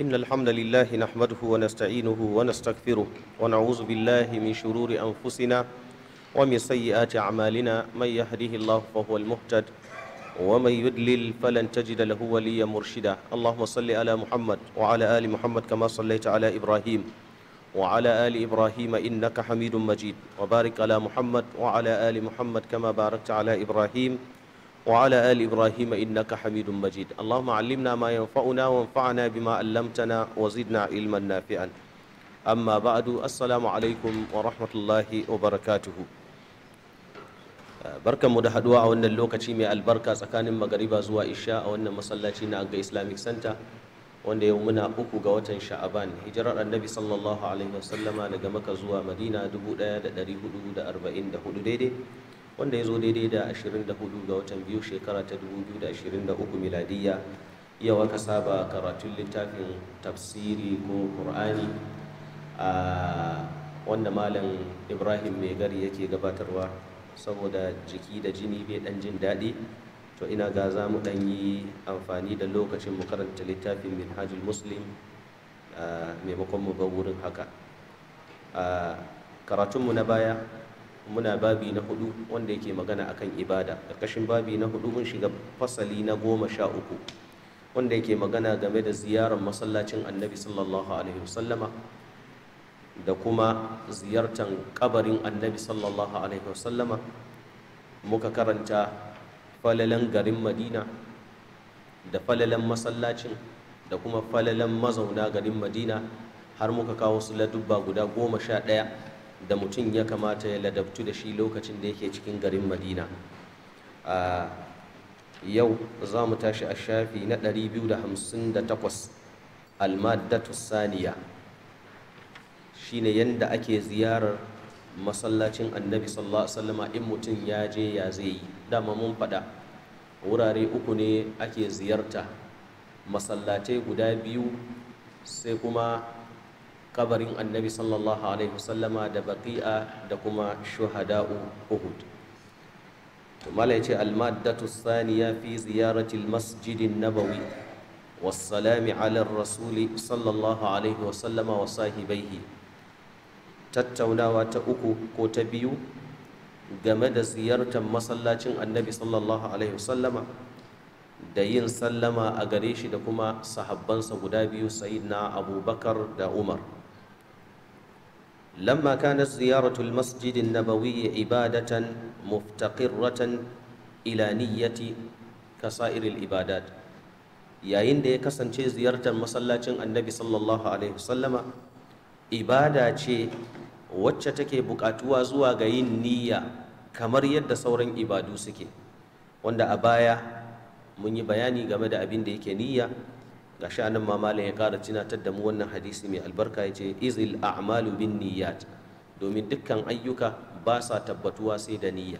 إن الحمد لله نحمده ونستعينه ونستغفره ونعوذ بالله من شرور أنفسنا ومن سيئات أعمالنا من يهده الله فهو المهتد ومن يدلل فلن تجد له وليا مرشدا اللهم صل على محمد وعلى آل محمد كما صليت على إبراهيم وعلى آل إبراهيم إنك حميد مجيد وبارك على محمد وعلى آل محمد كما باركت على إبراهيم وعلى آل إبراهيم إنك حميد مجيد اللهم علمنا ما ينفعنا وانفعنا بما علمتنا وزدنا علما نافعا أما بعد السلام عليكم ورحمة الله وبركاته mu da haduwa a wannan lokaci mai albarka tsakanin magariba zuwa isha a wannan masallaci na ga islamic center wanda yau muna uku ga watan sha'aban hijirar annabi sallallahu alaihi wasallama daga maka zuwa madina 1444 daidai wanda ya zo daidai da 24 ga watan biyu shekara ta 2023 miladiyya Iya aka saba karatun littafin tafsiri ko ƙur'ani a wanda malam ibrahim mai gari yake gabatarwa saboda jiki da jini bai dan jin daɗi to ina ga za mu dan yi amfani da lokacin mu karanta littafin minhajul muslim maimakon mu ga wurin haka karatunmu na baya muna babi na hudu wanda yake magana akan ibada ƙarƙashin babi na hudu mun shiga fasali na goma sha uku wanda yake magana game da ziyarar masallacin annabi sallallahu alaihi wasallama da kuma ziyartar kabarin annabi sallallahu alaihi wasallama muka karanta falalan garin madina da falalan masallacin da kuma falalan mazauna garin madina har muka kawo su ladubba guda goma sha ɗaya da mutum ya kamata ya ladabtu da shi lokacin da yake cikin garin madina a yau za mu tashi a shafi na 258 almadatu saniya shine yadda ake ziyarar masallacin annabi sallallahu alaihi wasallama in mutum ya je ya zai yi dama mun faɗa wurare uku ne ake ziyarta masallatai guda biyu sai kuma kabarin annabi sallallahu alaihi wasallama da baki'a da kuma shuhada'u uhud to mala yace al ya fi ziyarati al nabawi والسلام على الرسول صلى الله عليه wa sahibaihi. tattaunawa ta uku ko ta biyu game da ziyartar masallacin annabi sallallahu alaihi wasallama da yin sallama a gare shi da kuma sahabbansa guda biyu sayid na abubakar da umar لما كانت زيارة المسجد النبوي عبادة مفتقرة إلى نية كسائر العبادات yayin da ya kasance ziyartar masallacin annabi sallallahu alaihi wasallama ibada ce wacce take buƙatuwa zuwa ga yin niyya kamar yadda sauran ibadu suke wanda a baya mun yi bayani game da abin da yake niyya gashi anan ma ya kara tunatar da mu wannan hadisi mai albarka ya ce izil a'malu bin niyyat domin dukkan ayyuka ba sa tabbatuwa sai da niyya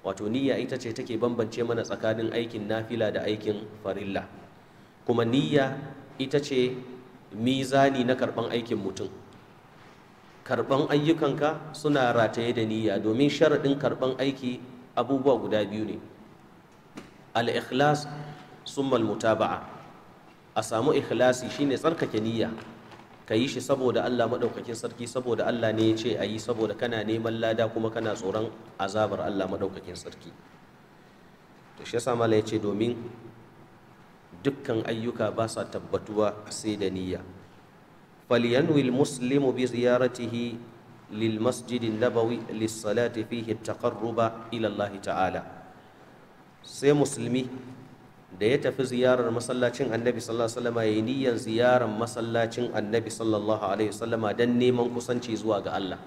wato niyya ita ce take bambance mana tsakanin aikin nafila da aikin farilla kuma niyya ita ce mizani na karban aikin mutum karban ayyukanka suna rataye da niyya domin sharaɗin karban aiki abubuwa guda biyu ne al-ikhlas summa al-mutaba'a a samu ikhlasi shine tsarkake niyya ka yi shi saboda Allah maɗaukakin sarki saboda Allah ne ya ce a yi saboda kana neman lada kuma kana tsoron azabar Allah maɗaukakin sarki to shi yasa mala ya ce domin dukkan ayyuka ba sa tabbatuwa sai da niyya falyanwi muslimu bi ziyaratihi lil masjid nabawi lis salati fihi taqarruba ila ta'ala sai musulmi da ya tafi ziyarar masallacin annabi sallallahu alaihi ya yayi niyyar ziyarar masallacin annabi sallallahu alaihi wasallam dan neman kusanci zuwa ga Allah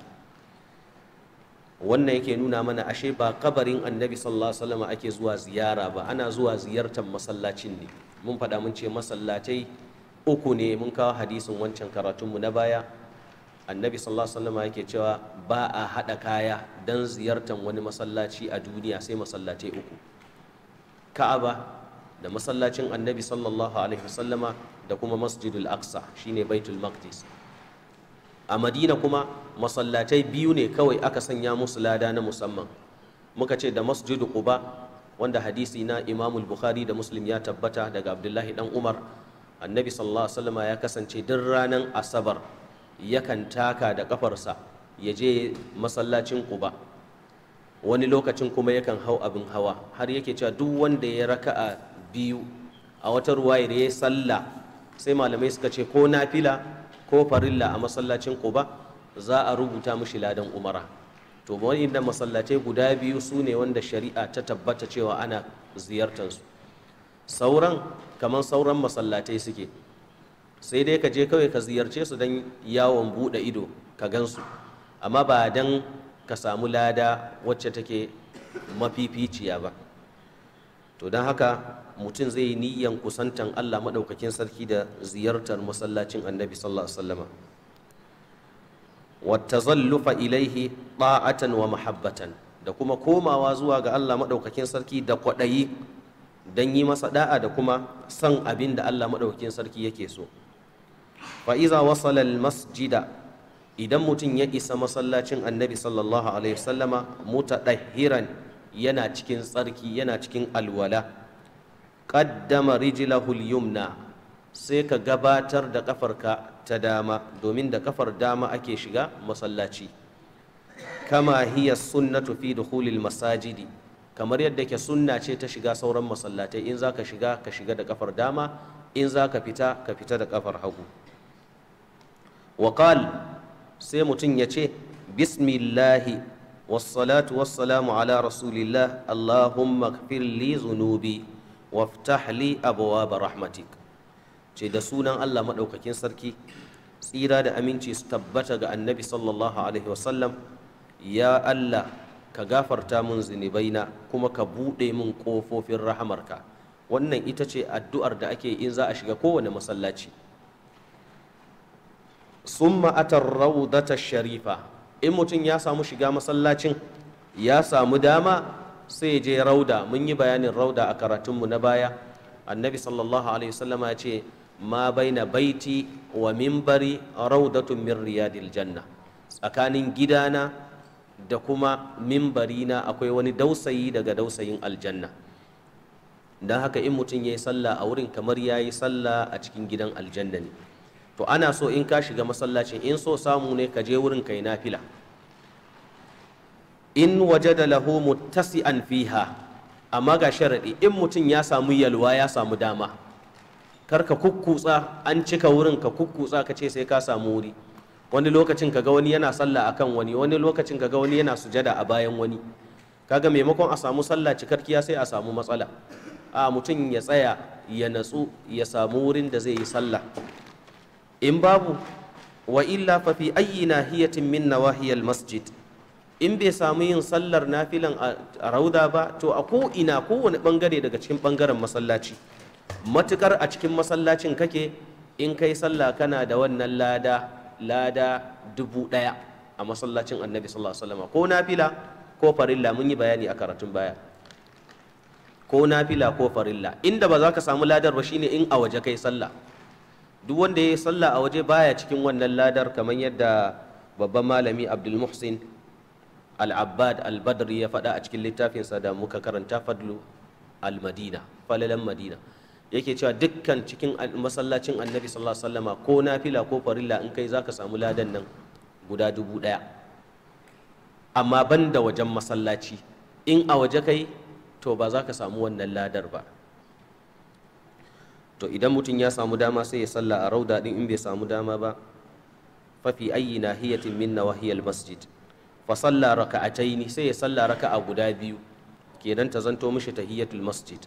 wannan yake nuna mana ashe ba kabarin annabi sallallahu alaihi wasallam ake zuwa ziyara ba ana zuwa ziyartar masallacin ne mun faɗa mun ce masallatai uku ne mun kawo hadisin wancan karatunmu na baya annabi sallallahu alaihi wasallam yake cewa ba a haɗa kaya dan ziyartar wani masallaci a duniya sai masallatai uku ka'aba da masallacin annabi sallallahu alaihi wasallama da kuma masjidul aqsa shine baitul maqdis a madina kuma masallatai biyu ne kawai aka sanya musu lada na musamman muka ce da masjidu quba wanda hadisi na imamul bukhari da muslim ya tabbata daga abdullahi dan umar annabi sallallahu alaihi wasallama ya kasance duk ranar asabar yakan taka da kafarsa ya je masallacin quba wani lokacin kuma yakan hau abin hawa har yake cewa duk wanda ya raka'a biyu a wata ruwayar da ya sallah sai malamai suka ce ko nafila ko farilla a masallacin ba za a rubuta mashi ladan umara to inda masallacai guda biyu su ne wanda shari'a ta tabbata cewa ana ziyartar su sauran kamar sauran masallatai suke sai dai ka je kawai ka ziyarce su don yawon buɗe ido ka gansu amma ba don ka samu lada wacce take mafificiya ba to don haka mutum zai yi niyyan kusantan Allah maɗaukakin sarki da ziyartar masallacin annabi sallallahu alaihi Wata zallufa, ilaihi ɓa'atan wa mahabbatan da kuma komawa zuwa ga Allah maɗaukakin sarki da kwaɗayi don yi masa da'a da kuma son abin da Allah maɗaukakin sarki yake so fa'iza wasalal masjida idan mutum ya isa masallacin annabi sallallahu alaihi wasallama yana cikin tsarki yana cikin alwala qaddama rijlahu yumna sai ka gabatar da kafarka ta dama domin da kafar dama ake shiga masallaci kama hiya sunnatu fi dukhulil masajidi kamar yadda ke sunna ce ta shiga sauran masallatai in zaka shiga ka shiga da kafar dama in zaka fita ka fita da kafar hagu wa qal sai mutum ya ce bismillahi والصلاة والسلام على رسول الله اللهم اغفر لي ذنوبي وافتح لي أبواب رحمتك ce da sunan Allah maɗaukakin sarki tsira da aminci su tabbata ga annabi sallallahu alaihi wasallam ya Allah ka gafarta mun zunubaina kuma ka buɗe mun ƙofofin rahamarka wannan ita ce addu'ar da ake in za a shiga kowane masallaci Sun ma'atar raudata sharifa in mutum ya samu shiga masallacin ya samu dama sai ya je rauda mun yi bayanin rauda a karatunmu na baya annabi sallallahu alaihi wasallama ya ce ma baina baiti wa mimbari raudatun min riyadil janna tsakanin gidana da kuma mimbarina akwai wani dausayi daga dausayin aljanna don haka in mutum ya yi sallah a wurin kamar ya yi sallah a cikin gidan aljanna ne to ana so in ka shiga masallacin in so samu ne ka je wurin kai nafila in wajada lahu muttasi'an fiha amma ga sharadi in mutum ya samu yalwa ya samu dama kar ka kukkutsa an cika wurin ka kukkutsa ka ce sai ka samu wuri wani lokacin ka ga wani yana sallah akan wani wani lokacin ka ga wani yana sujada a bayan wani kaga maimakon a samu sallah cikarkiya sai a samu matsala a mutum ya tsaya ya natsu ya samu wurin da zai yi sallah in babu wa illa fa fi ayyi nahiyatin min nawahiyal masjid in bai samu yin sallar nafilan a rauda ba to a ko ina kowane bangare daga cikin bangaren masallaci matukar a cikin masallacin kake in kai sallah kana da wannan lada lada dubu daya a masallacin annabi sallallahu alaihi wasallam ko nafila ko farilla mun yi bayani a karatun baya ko nafila ko farilla inda ba za ka samu ladar ba shine in a waje kai sallah duk wanda ya yi sallah a waje baya cikin wannan ladar kamar yadda babban malami abdul muhsin al-abbad al-badri ya faɗa a cikin littafinsa da muka karanta fadlu al-madina falalan madina yake cewa dukkan cikin masallacin annabi sallallahu alaihi wasallama ko nafila ko farilla in kai zaka samu ladan nan guda dubu ɗaya amma banda wajen masallaci in a waje kai to ba za ka samu wannan ladar ba to idan mutum ya samu dama sai ya salla a rauda din in bai samu dama ba fa fafi ayyi nahiyatin min nawahiyal masjid fa salla raka'ataini sai ya salla raka'a guda biyu kenan ta zanto mishi tahiyatul masjid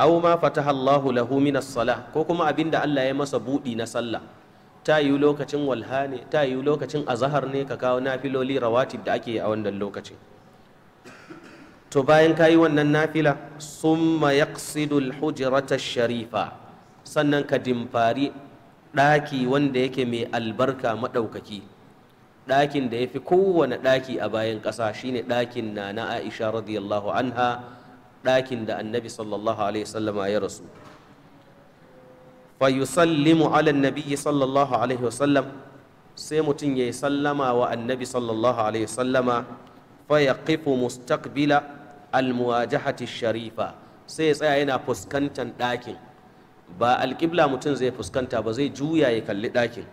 aw ma fataha Allahu lahu min as-salah ko kuma abinda Allah ya masa budi na sallah ta yi lokacin walha ne ta yi lokacin azahar ne ka kawo nafiloli rawatib da ake a wannan lokacin to bayan ka yi wannan nafila summa yaqsidul hujrata sharifa sannan ka dimfari ɗaki wanda yake mai albarka maɗaukaki ɗakin da ya fi kowane ɗaki a bayan ƙasa shine ɗakin na na aisha radiyallahu anha ɗakin da annabi sallallahu alaihi wasallama ya rasu fayusallimu ala nabiyyi sallallahu alaihi wasallam sai mutum ya yi sallama wa annabi sallallahu alaihi wasallama fa yaqifu mustaqbila almuwajahati sharifa sai ya tsaya yana fuskantar ɗakin ba alƙibla mutum zai fuskanta ba zai juya ya kalli ɗakin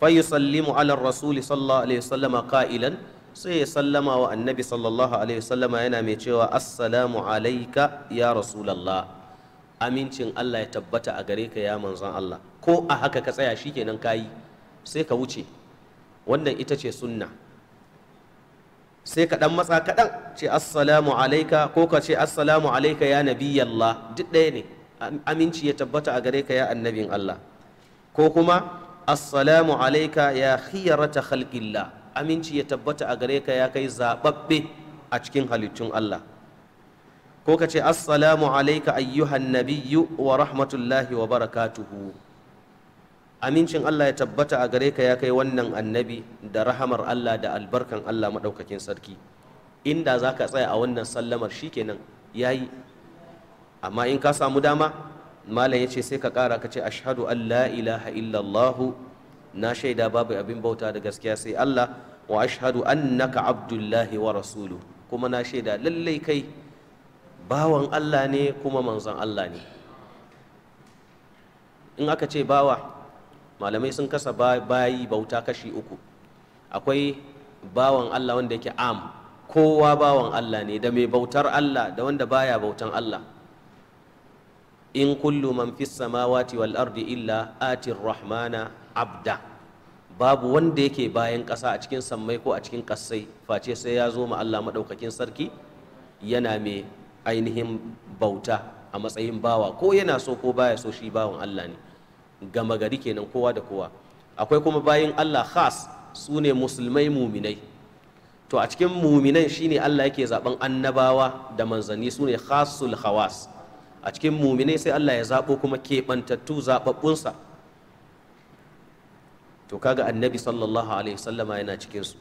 fa yusallimu ala rasuli sallallahu alaihi sai ya sallama wa annabi sallallahu alaihi wasallama yana mai cewa assalamu alaika ya rasulallah amincin Allah ya tabbata a gare ka ya manzon Allah ko a haka ka tsaya shikenan kayi sai ka wuce wannan ita ce sunna sai ka dan matsa kaɗan ce assalamu alaika ko ka ce assalamu alaika ya nabiyallah duk ɗaya ne aminci ya tabbata a gare ka ya annabin Allah ko kuma assalamu alaika ya khiyarata khalqillah aminci ya tabbata a gare ka ya kai zababbe a cikin halittun Allah ko ka ce assalamu alaika ayyuhan nabiyyu wa rahmatullahi wa barakatuhu amincin Allah ya tabbata a gare ka ya kai wannan annabi da rahamar Allah da albarkan Allah maɗaukakin sarki inda za ka tsaya a wannan sallamar shikenan ya yi amma in ka samu dama malam ya ce sai ka ƙara ka ce ashadu an la ilaha illallahu na shaida babu abin bauta da gaskiya sai Allah wa ashadu annaka abdullahi wa rasulu kuma na shaida lallai kai bawan Allah ne kuma manzon Allah ne in aka ce bawa malamai sun kasa bayi bauta kashi uku akwai bawan Allah wanda yake am kowa bawan Allah ne da mai bautar Allah da wanda baya bautan Allah in kullu man fi samawati wal ardi illa atir rahmana abda babu wanda yake bayan ƙasa a cikin sammai ko a cikin ƙasai face sai ya zo ma Allah maɗaukakin sarki yana mai ainihin bauta a matsayin bawa ko yana so ko baya so shi bawan Allah ne gama gari kenan kowa da kowa akwai kuma bayin Allah khas su ne musulmai muminai to a cikin muminan shine Allah yake zaben annabawa da manzanni su ne khasul khawas a cikin muminai sai Allah ya zabo kuma keɓantattu zaɓaɓɓunsa to kaga annabi sallallahu alaihi wasallama yana cikin su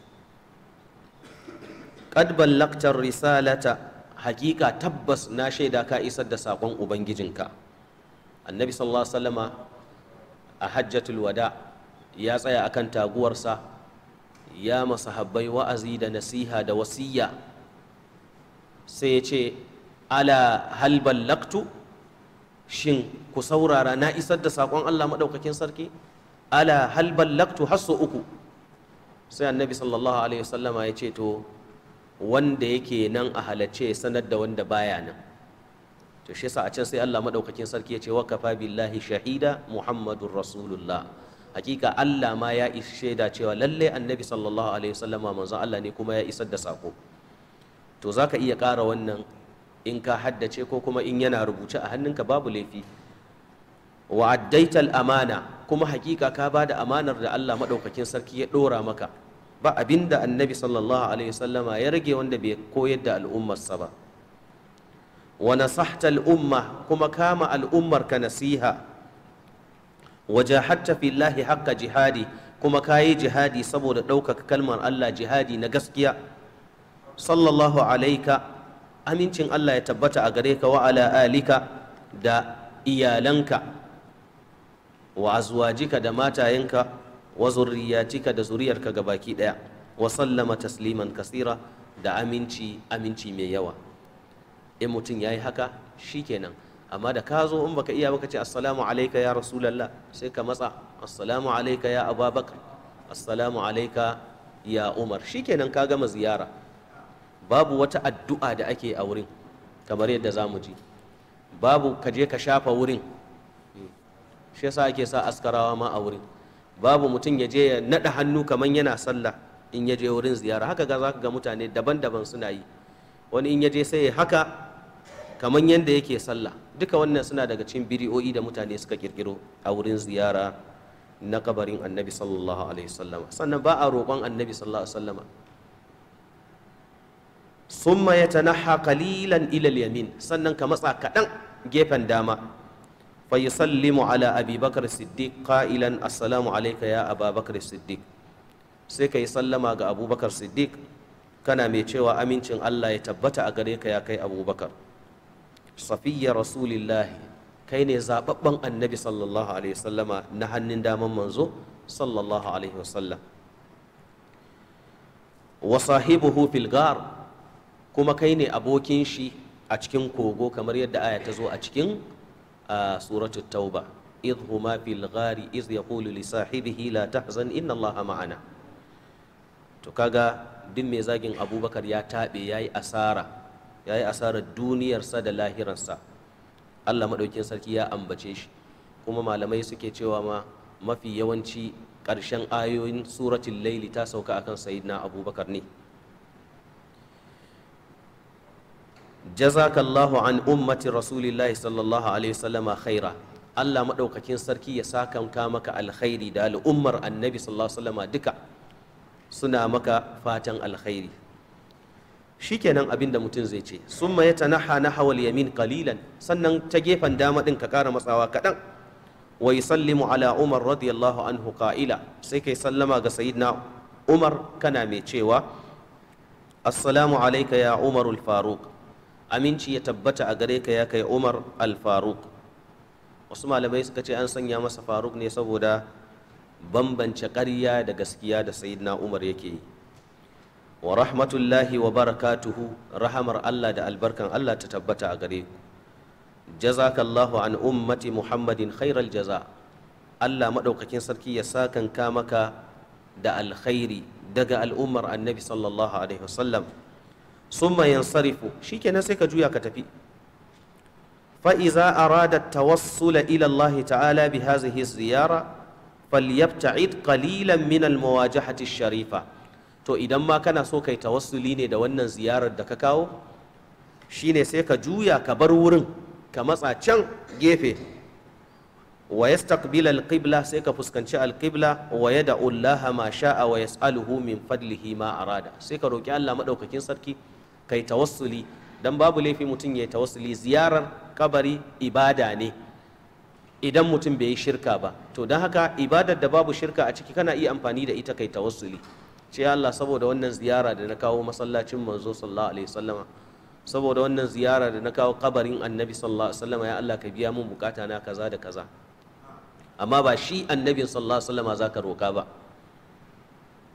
qad ballaqta risalata hakika tabbas na shaida ka isar da sakon ubangijinka annabi sallallahu alaihi wasallama a hajjatul wada ya tsaya akan taguwarsa ya masahabbai wa'azi da nasiha da wasiya sai ya ce ala hal laktu shin ku saurara na isar da saƙon Allah maɗaukakin sarki ala hal laktu hasso uku sai annabi sallallahu alaihi wasallama ya ce to wanda yake nan a halacce sanar da wanda baya nan to shi yasa a can sai Allah madaukakin sarki ya ce wa kafa billahi shahida muhammadur rasulullah hakika Allah ma ya shaida cewa lalle annabi sallallahu alaihi wasallama manzon Allah ne kuma ya isar da sako to zaka iya ƙara wannan in ka haddace ko kuma in yana rubuce a hannunka babu laifi wa addaital amana kuma hakika ka ba da amanar da Allah madaukakin sarki ya dora maka ba abinda annabi sallallahu alaihi wasallama ya rage wanda bai koyar da al'ummarsa ba wa nasahta al'umma kuma kama al'ummar ka nasiha wa jahadta fillahi haqqa jihadi kuma kayi jihadi saboda ɗaukaka kalmar Allah jihadi na gaskiya sallallahu alaika amincin Allah ya tabbata a gareka ka wa ala alika da iyalanka wa azwajika da matayenka wa da zuriyarka gabaki daya wa sallama tasliman kasira da aminci aminci mai yawa in mutum ya yi haka shi kenan amma da ka zo in baka iya baka ce assalamu alaika ya rasulallah sai ka matsa assalamu alaika ya ababakar assalamu alaika ya umar shi kenan ka gama ziyara babu wata addu'a da ake a wurin kamar yadda za mu ji babu ka je ka shafa wurin shi yasa ake sa askarawa ma a wurin babu mutum ya je ya naɗa hannu kamar yana sallah in ya je wurin ziyara haka ga za ka ga mutane daban-daban suna yi wani in ya je sai haka kamar yadda yake sallah duka wannan suna daga cikin biri'oi da mutane suka kirkiro a wurin ziyara na kabarin annabi sallallahu alaihi sallama sannan ba a roƙon annabi sallallahu alaihi sun summa ya qalilan ila ilal yamin sannan ka matsa kaɗan gefen dama fa yusallimu ala abi bakr siddiq qailan assalamu alayka ya ababakar siddiq sai ka yi sallama ga abubakar siddiq kana mai cewa amincin Allah ya tabbata a gare ka ya kai abubakar safiya rasulillahi kai ne zababben annabi sallallahu alaihi wasallama na hannun daman manzo sallallahu alaihi wasallam wa sahibuhu fil gar kuma kai ne abokin shi a cikin kogo kamar yadda aya ta zo a cikin suratu tauba idh huma fil ghari idh yaqulu li sahibihi la tahzan inna allaha ma'ana to kaga duk mai zagin abubakar ya taɓe ya yi asara ya yi asarar duniyarsa da lahirarsa allah maɗaukin sarki ya ambace shi kuma malamai suke cewa ma mafi yawanci ƙarshen ayoyin suratul laili ta sauka akan sayyidina abubakar ne jazakallahu an ummati rasulillahi sallallahu alaihi wasallama khaira Allah maɗaukakin sarki ya sakanka maka alkhairi da al'ummar annabi sallallahu alaihi wasallama duka suna maka fatan alkhairi shikenan abin da mutum zai ce summa na nahwal yamin kalilan sannan ta gefen dama din ka kara matsawa kaɗan wa yusallimu ala umar radiyallahu anhu ka'ila sai kai sallama ga sayyidina umar kana mai cewa assalamu alayka ya umar al-faruq aminci ya tabbata a gare ka ya kai umar al-faruq wasu malamai suka ce an sanya masa faruk ne saboda bambance ƙarya da gaskiya da sayyidina umar yake yi wa rahmatullahi wa barakatuhu rahamar Allah da albarkan Allah ta tabbata a gare ku jazakallahu an ummati muhammadin khairal jaza Allah maɗaukakin sarki ya sakanka maka da alkhairi daga al'ummar annabi sallallahu alaihi wasallam summa yansarifu shikenan sai ka juya ka tafi فإذا أراد التوصل ta'ala bi تعالى ziyara الزيارة فليبتعد قليلا من المواجهة الشريفة to idan ma kana so kai tawassuli ne da wannan ziyarar da ka kawo shine sai ka juya ka bar wurin ka matsa can gefe wa yastaqbil alqibla sai ka fuskanci alqibla wa yad'u Allah ma sha'a wa yas'aluhu min fadlihi ma arada sai ka roki Allah maɗaukakin sarki kai tawassuli dan babu laifi mutum ya yi tawassuli ziyarar kabari ibada ne idan mutum bai yi shirka ba to don haka ibadar da babu shirka a ciki kana iya amfani da ita kai tawassuli ce Allah saboda wannan ziyara da na kawo masallacin manzo sallallahu alaihi wasallama saboda wannan ziyara da na kawo kabarin annabi sallallahu alaihi wasallama ya Allah ka biya mun bukata na kaza da kaza amma ba shi annabin sallallahu alaihi wasallama zaka roka ba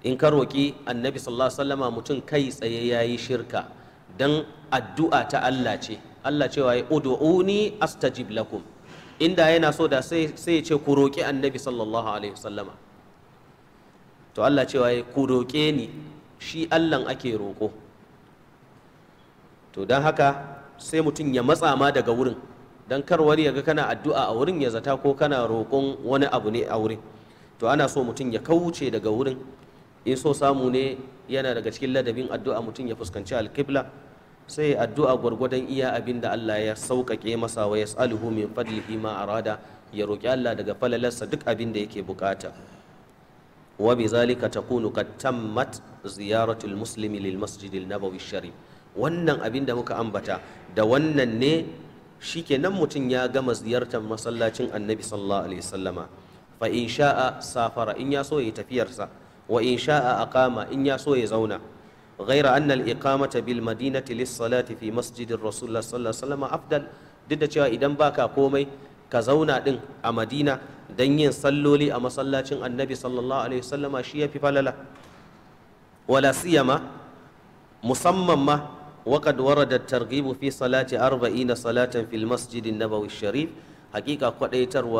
in ka roki annabi sallallahu alaihi wasallama mutum kai tsaye yayi shirka dan addu'a ta Allah ce Allah cewa ya ud'uni astajib lakum inda yana so da sai ya ce ku roki annabi sallallahu alaihi wasallama to Allah cewa ya ku roƙe ni shi Allahn ake roƙo to don haka sai mutum ya matsa ma daga wurin don karwar wani ya ga kana addu'a a wurin ya zata ko kana roƙon wani abu ne a wurin to ana so mutum ya kauce daga wurin in so samu ne yana daga cikin ladabin addu'a mutum ya fuskanci alkibla sai addu'a gwargwadon iya abin da Allah ya sauƙaƙe masa wa yas'aluhu min fadlihi ma arada ya roƙi Allah daga falalarsa duk abin da yake buƙata. wa bi zalika takunu qad tammat ziyaratul almuslimi lil masjid nabawi wannan abin da muka ambata da wannan ne shikenan mutum ya gama ziyartar masallacin annabi sallallahu alaihi wasallama fa in sha'a safara in ya so ya tafiyarsa wa in sha'a aqama in ya so ya zauna غير أن الإقامة بالمدينة للصلاة في fi الرسول صلى الله عليه وسلم أفضل duk da cewa idan baka komai ka zauna din a madina don yin salloli a masallacin annabi sallallahu alaihi wasallama shi ya fi falala wala siyama musamman ma وقد ورد الترغيب في صلاة أربعين salatan في المسجد النبوي الشريف haƙiƙa قد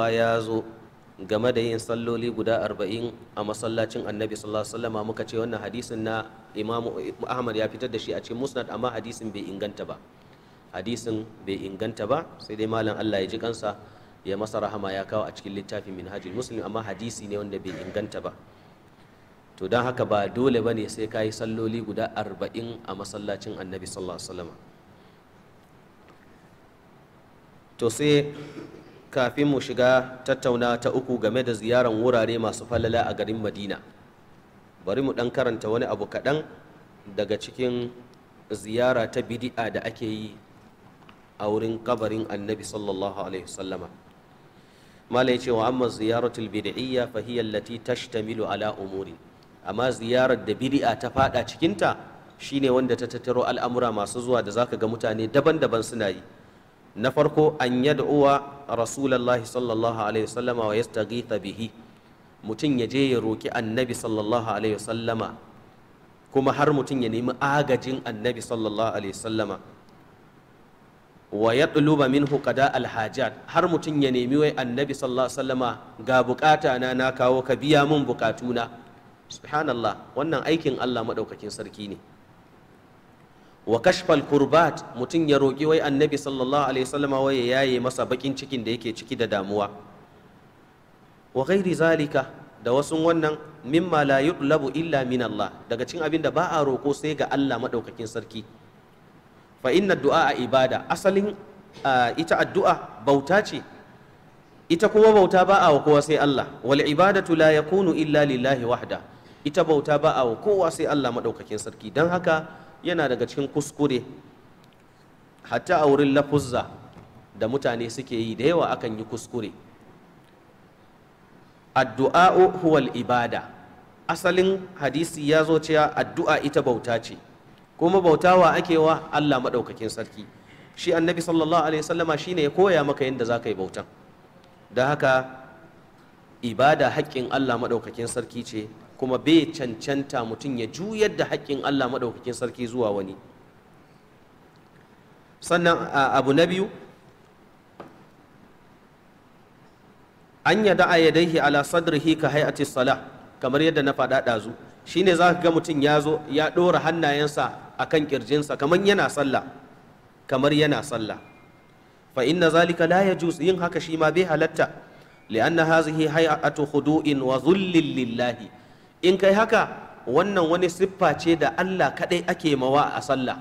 ya zo game da yin salloli guda arba'in a masallacin annabi sallallahu alaihi wasallam muka ce wannan hadisin na imamu ahmad ya fitar da shi a cikin musnad amma hadisin bai inganta ba hadisin bai inganta ba sai dai malam Allah ya ji kansa ya masa rahama ya kawo a cikin littafin minhajul muslim amma hadisi ne wanda bai inganta ba to don haka ba dole ba ne sai ka yi salloli guda arba'in a masallacin annabi sallallahu alaihi to sai kafin mu shiga tattauna ta uku game da ziyaran wurare masu falala a garin madina bari mu dan karanta wani abu kaɗan daga cikin ziyara ta bidi'a da ake yi a wurin kabarin annabi sallallahu alaihi wasallama malai ce wa amma ziyaratul bid'iyya fa hiya allati tashtamilu ala umuri amma ziyarar da bid'a ta fada cikinta shine wanda ta tattaro al'amura masu zuwa da zaka ga mutane daban-daban suna yi na farko an yad'uwa rasulullahi sallallahu alaihi wasallama wa yastaghitha bihi mutum ya je ya roki annabi sallallahu alaihi wasallama kuma har mutum ya nemi agajin annabi sallallahu alaihi wasallama wa ya ɗuluba min hukada alhajat har mutum ya nemi wai annabi sallallahu alaihi wasallama ga bukata na na kawo ka biya mun bukatuna subhanallah wannan aikin Allah maɗaukakin sarki ne wa kashfal kurbat mutum ya roƙi wai annabi sallallahu alaihi wasallama wai ya yaye masa bakin cikin da yake ciki da damuwa wa ghairi zalika da wasu wannan mimma la yutlabu illa min Allah daga cikin abin da ba a sai ga Allah maɗaukakin sarki fa inna du'a a ibada asalin ah, ita addu'a bauta ce ita kuma bauta ba a wa kowa sai Allah wal ibadatu la yakunu illa lillahi wahda ita bauta ba a wa kowa sai Allah madaukakin sarki dan haka yana daga cikin kuskure hatta a wurin lafuzza da mutane suke yi da yawa akan yi kuskure addu'a huwal ibada asalin hadisi ya zo cewa addu'a ita bauta ce kuma bautawa ake wa Allah maɗaukakin sarki shi annabi sallallahu alaihi wasallama shine ya koya maka yadda za ka yi bautan da haka ibada haƙƙin Allah maɗaukakin sarki ce kuma bai cancanta mutum ya juyar da haƙƙin Allah maɗaukakin sarki zuwa wani sannan abu na biyu an ya da'a yadaihi ala sadrihi ka hay'ati kamar yadda na faɗa ɗazu shine za ka ga mutum ya zo ya ɗora hannayensa akan ƙirjinsa kamar yana sallah kamar yana sallah fa inna zalika la yajuz yin haka shi ma bai halatta li'anna hazihi hay'atu khudu'in wa dhullin lillahi in kai haka wannan wani siffa ce da Allah kadai ake mawa a sallah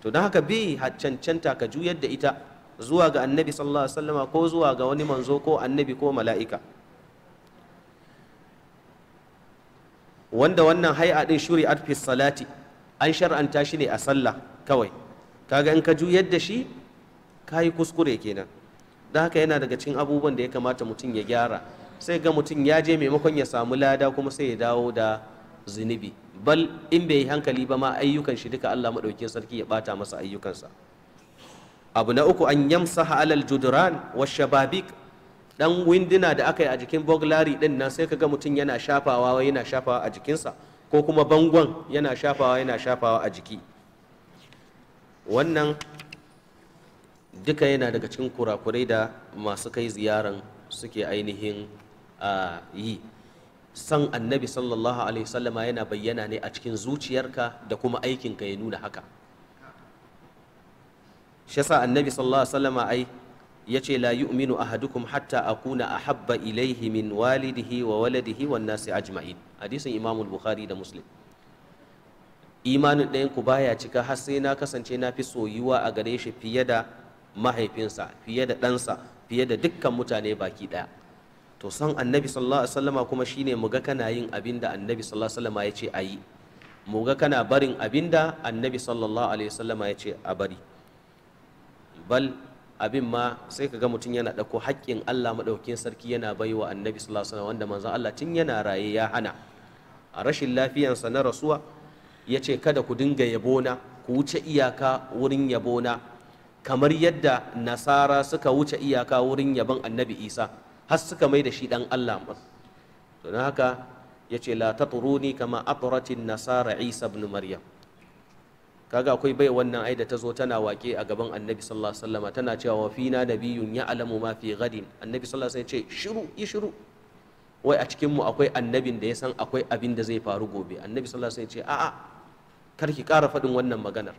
to don haka bai cancanta ka juyar da ita zuwa ga annabi sallallahu alaihi wasallama ko zuwa ga wani manzo ko annabi ko mala'ika wanda wannan hay'a din shuri'at fi salati an shar'anta shi ne a sallah kawai kaga in ka juyar da shi ka yi kuskure kenan don haka yana daga cikin abubuwan da ya kamata mutum ya gyara sai ga mutum ya je maimakon ya samu lada kuma sai ya dawo da zunubi bal in bai yi hankali ba ma ayyukan shi duka Allah maɗaukin sarki ya ɓata masa ayyukansa abu na uku an yamsa alal juduran wa shababik dan winduna da aka yi a jikin boglari din nan sai kaga mutum yana shafawa yana shafawa a jikinsa ko kuma bangon yana shafawa yana shafawa a jiki wannan duka yana daga cikin kurakurai da masu kai ziyaran suke ainihin yi san annabi sallallahu alaihi wasallama yana bayyana ne a cikin zuciyarka da kuma aikinka ya nuna haka shi annabi sallallahu alaihi wasallama ai ya ce la yu'minu ahadukum hatta akuna habba ilaihi min walidihi wa waladihi wan nasi ajma'in hadisin imamul bukhari da muslim imanin ɗayan ku baya cika har sai na kasance na fi soyuwa a gare shi fiye da mahaifinsa fiye da ɗansa fiye da dukkan mutane baki ɗaya to san annabi sallallahu alaihi wasallama kuma shine muga kana yin abin da annabi sallallahu alaihi wasallama yace ayi muga kana barin abin da annabi sallallahu alaihi ya ce a bari bal abin ma sai ka ga mutum yana ɗauko haƙƙin Allah maɗaukin sarki yana bai wa annabi sallallahu alaihi wanda manzon Allah tun yana raye ya hana a rashin lafiyansa na rasuwa ya ce kada ku dinga yabona ku wuce iyaka wurin yabona kamar yadda nasara suka wuce iyaka wurin yabon annabi isa har suka mai da shi ɗan Allah don haka ya ce la taturuni kama aturatin nasara isa ibn maryam kaga akwai bai wannan ai da ta zo tana wake a gaban annabi sallallahu alaihi wasallam tana cewa wa fina nabiyyun ya'lamu ma fi ghadin annabi sallallahu alaihi wasallam ya ce shiru yi shiru wai a cikin mu akwai annabin da ya san akwai abin da zai faru gobe annabi sallallahu alaihi wasallam ya ce a'a kar ki ƙara faɗin wannan maganar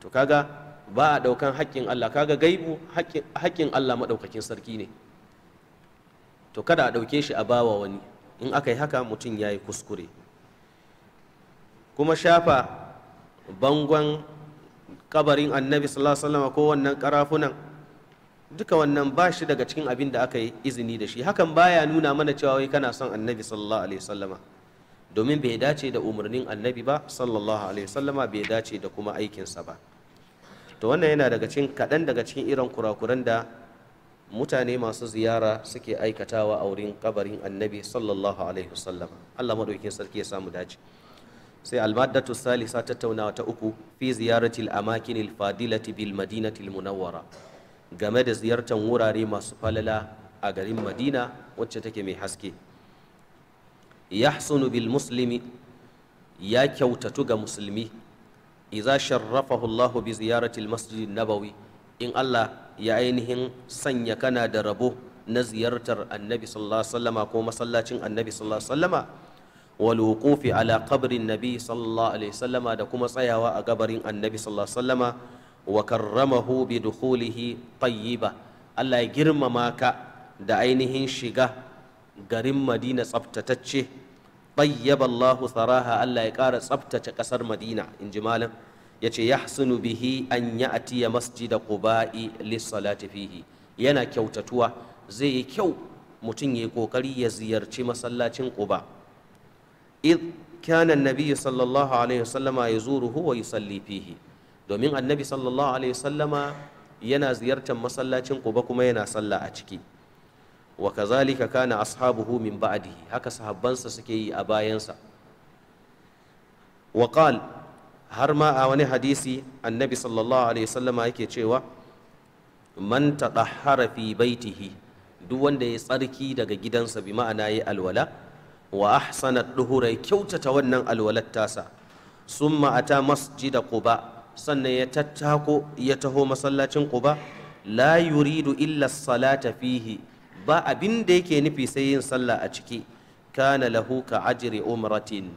to kaga ba a ɗaukan haƙƙin Allah kaga gaibu haƙƙin Allah maɗaukakin sarki ne to kada a ɗauke shi a bawa wani in aka yi haka mutum ya yi kuskure kuma shafa bangon kabarin annabi sallallahu alaihi wasallam ko wannan karafunan duka wannan ba shi daga cikin abin da aka yi izini da shi hakan baya nuna mana cewa wai kana son annabi sallallahu alaihi wasallama domin bai dace da umarnin annabi ba sallallahu alaihi wasallama bai dace da kuma aikinsa ba to wannan yana daga cikin kaɗan daga cikin irin kurakuran da mutane masu ziyara suke aikatawa a wurin kabarin annabi sallallahu alaihi wasallama allah maɗaukin sarki ya samu dace sai Almadatu salisa tattaunawa ta uku fi ziyaratil amakinil fadilati bil madinatil munawwara game da ziyartar wurare masu falala a garin madina wacce take mai haske yahsunu bil muslimi ya kyautatu ga musulmi Iza sharrafahu Allahu bi ziyaratil masjidin nabawi in Allah ya ainihin sanya kana da rabo na ziyartar annabi sallallahu alaihi wasallama ko masallacin annabi sallallahu alaihi wasallama والوقوف على قبر النبي صلى الله عليه وسلم da kuma tsayawa a gabarin annabi sallallahu alaihi wasallama wa karramahu bi dukhulihi tayyiba Allah ya girmama ka da ainihin shiga garin Madina tsaftatacce tayyaba saraha Allah ya ƙara tsaftace ƙasar Madina in ji malam yace yahsunu bihi an ya'tiya masjida quba'i lis-salati fihi yana kyautatuwa zai yi kyau mutum ya yi kokari ya ziyarci masallacin quba' id kana annabi sallallahu alaihi wasallama yazuruhu wa yusalli fihi domin annabi sallallahu alaihi wasallama yana ziyartar masallacin Quba kuma yana sallah a ciki wa kazalika kana ashabuhu min ba'dihi haka sahabbansa suke yi a bayansa wa har ma a wani hadisi annabi sallallahu alaihi wasallama yake cewa man tadahhara fi baitihi duk wanda ya tsarki daga gidansa bi ma'ana yi alwala wa ahsana duhurai kyautata wannan alwalar tasa summa ata masjida quba sannan ya tattako ya taho masallacin quba la yuridu illa salata fihi ba abin da yake nufi sai yin sallah a ciki kana lahu ka ajri umratin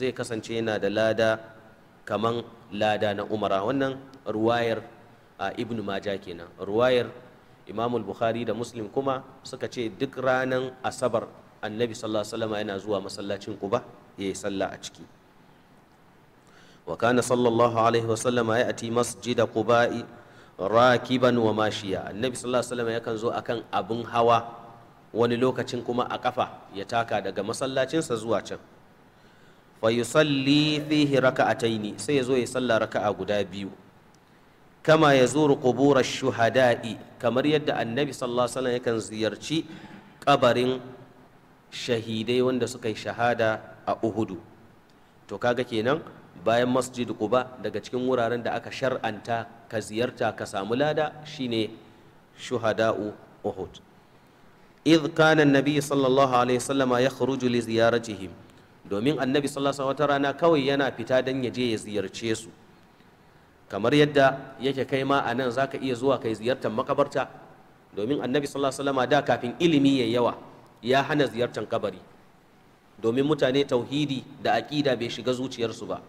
zai kasance yana da lada kaman lada na umara wannan ruwayar a ibnu maja kenan ruwayar imamul bukhari da muslim kuma suka ce duk ranan asabar annabi sallallahu alaihi wasallam yana zuwa masallacin quba ya yi sallah a ciki wa kana sallallahu alaihi wasallam ya ati masjida quba'i rakiban wa mashiya annabi sallallahu alaihi wasallam yakan zo akan abun hawa wani lokacin kuma a kafa ya taka daga masallacinsa zuwa can fa yusalli fihi raka'ataini sai ya zo ya sallah raka'a guda biyu kama ya zuru quburash shuhada'i kamar yadda annabi sallallahu alaihi wasallam yakan ziyarci kabarin shahidai wanda suka yi shahada a uhudu to kaga kenan bayan masjid quba daga cikin wuraren da aka shar'anta ka ziyarta ka samu lada shine shuhada'u uhud idh kana annabi sallallahu alaihi wasallama yakhruju li ziyaratihim domin annabi sallallahu alaihi wata rana kawai yana fita dan ya je ya ziyarce su kamar yadda yake kai ma a nan zaka iya zuwa kai ziyartar makabarta domin annabi sallallahu alaihi wasallama da kafin ilimi yayi yawa ya hana ziyartar kabari domin mutane tauhidi da aƙida bai shiga zuciyarsu ba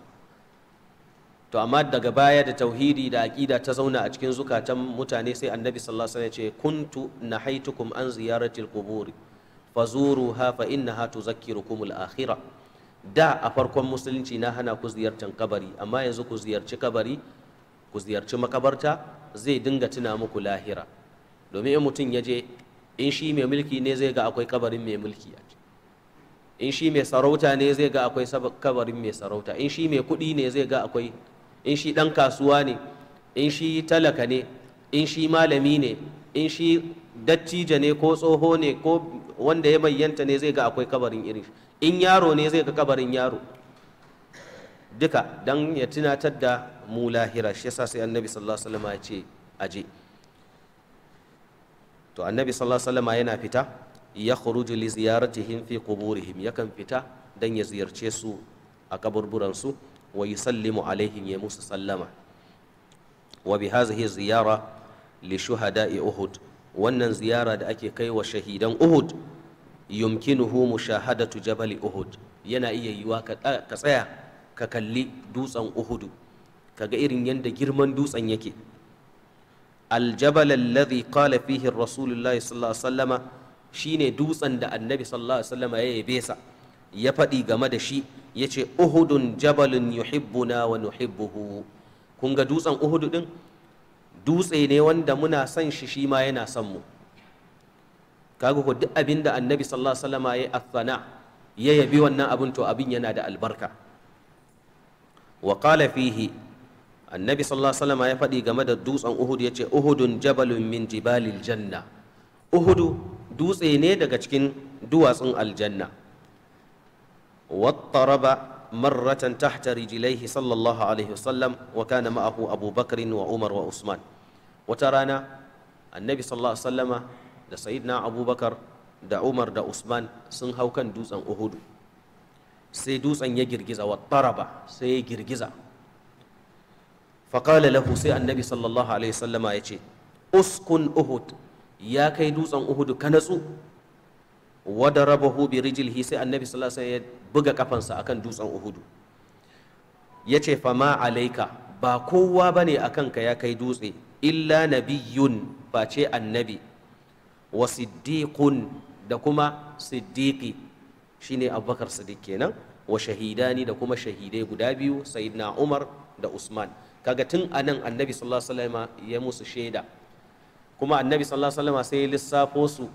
to amma daga baya da tauhidi da aƙida ta zauna a cikin zukatan mutane sai annabi sallallahu alaihi wasallam ya ce kuntu nahaitukum an ziyaratil qubur fazuruha fa innaha tuzakkirukumul akhirah da a farkon musulunci na hana ku ziyartar kabari amma yanzu ku ziyarci kabari ku ziyarci makabarta zai dinga tuna muku lahira domin in mutum ya je in shi mai mulki ne zai ga akwai kabarin mai mulki a in shi mai sarauta ne zai ga akwai kabarin mai sarauta in shi mai kuɗi ne zai ga akwai in shi ɗan kasuwa ne in shi talaka ne in shi malami ne in shi dattijo ne ko tsoho ne ko wanda ya bayyanta ne zai ga akwai kabarin irin in yaro ne zai ga kabarin yaro duka don ya tunatar da mu lahira shi yasa sai annabi sallallahu alaihi wasallam ya ce aje to annabi sallallahu alaihi wasallam yana fita ya khuruju li ziyaratihim fi quburihim yakan fita dan ya ziyarce su a kaburburan su wa yusallimu alaihim ya musu sallama wa bi hadhihi ziyara li shuhada'i uhud wannan ziyara da ake kai wa shahidan uhud yumkinuhu mushahadatu jabali uhud yana iya yiwa ka tsaya ka kalli dutsen uhudu kaga irin yadda girman dutsen yake aljabal alladhi qala fihi rasulullahi sallallahu alaihi wasallama shine dutsen da annabi sallallahu alaihi wasallama ya yabe sa ya faɗi game da shi ya ce uhudun jabalun yuhibbuna wa nuhibbuhu kun ga dutsen uhudu din dutse ne wanda muna son shi shi yana son mu kaga ko duk abin annabi sallallahu alaihi wasallama ya athana ya yabi wannan abin to abin yana da albarka wa qala fihi annabi sallallahu alaihi wasallam ya faɗi game da dutsen uhud ya ce uhudun jabalun min jibalil janna uhudu dutse ne daga cikin duwatsun aljanna wattaraba marratan tahta rijlaihi sallallahu alaihi wasallam wa kana ma'ahu abubakar bakrin wa umar wa usman wata rana annabi sallallahu alaihi wasallama da sayyidina abubakar da umar da usman sun hau kan dutsen uhudu sai dutsen ya girgiza wattaraba sai ya girgiza faƙala sai annabi sallallahu alaihi sallama ya ce uskun uhud ya kai dutsen uhud kanatsu natsu wada rabahu bi rijilhi sai annabi sallallahu ya buga kafansa akan dutsen uhud ya ce fama alaika ba kowa bane akan ka ya kai dutse illa nabiyyun face annabi wa siddiqun da kuma siddiqi shine abubakar siddiq kenan wa shahidani da kuma shahidai guda biyu sayyidina umar da usman kaga tun anan annabi sallallahu alaihi wasallam ya musu shaida kuma annabi sallallahu alaihi wasallam sai lissafo su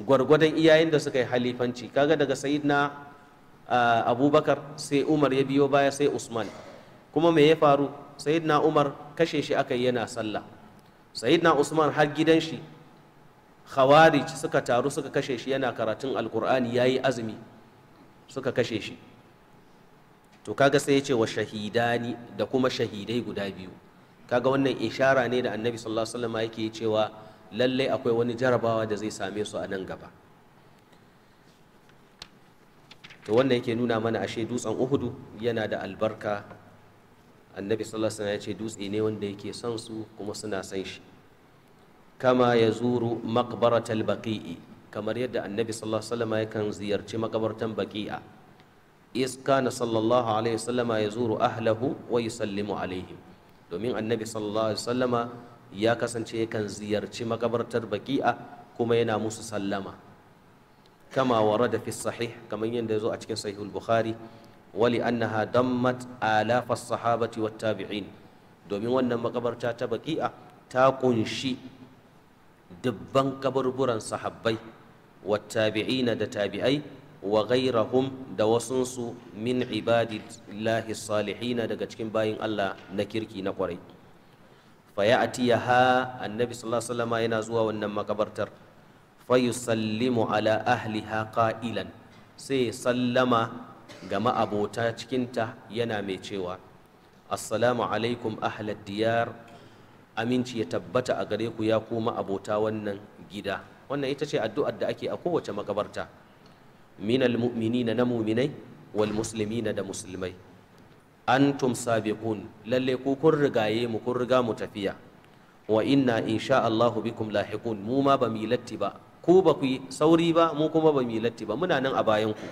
gwargwadon iyayen da suka yi halifanci kaga daga sayyidina abubakar sai umar ya biyo baya sai usman kuma me ya faru sayyidina umar kashe shi aka yana sallah sayyidina usman har gidan shi khawarij suka taru suka kashe shi yana karatun alkur'ani yayi azumi suka kashe shi to kaga sai ya ce wa shahidani da kuma shahidai guda biyu kaga wannan ishara ne da annabi sallallahu alaihi wasallam yake cewa lallai akwai wani jarabawa da zai same su a nan gaba to wannan yake nuna mana ashe dutsen uhudu yana da albarka annabi sallallahu alaihi wasallam ya ce dutse ne wanda yake son su kuma suna son shi kama ya zuru maqbaratul baqi'i kamar yadda annabi sallallahu alaihi wasallam yakan ziyarci makabartan baqi'a Iska na sallallahu alaihi wasallama yazuru ahlahu wa yusallimu alaihim domin annabi sallallahu alaihi wasallama ya kasance yakan ziyarci makabartar baki'a kuma yana musu sallama kama warada fi sahih kamar yadda yazo a cikin sahihul bukhari wali annaha dammat alafa sahabati wat tabi'in domin wannan makabarta ta baki'a ta kunshi dubban kaburburan sahabbai wat tabi'ina da tabi'ai wa ghairahum da wasunsu min ibadillahi salihina daga cikin bayin Allah na kirki na kwarai fa ha annabi sallallahu alaihi wasallam yana zuwa wannan makabartar fa yusallimu ala ahliha qailan sai sallama ga ma'abota cikinta yana mai cewa assalamu alaikum ahlad diyar aminci ya tabbata a gare ku ya kuma abota wannan gida wannan ita ce addu'ar da ake a kowace makabarta minal mu'minina na muminai wal muslimina da musulmai antum sabiqun lalle ku kun rigaye mu kun riga mu tafiya wa inna inshaAllahu Allahu bikum lahiqun mu ma ba mu ba ku ba ku sauri ba mu kuma ba mu ba muna nan a bayan ku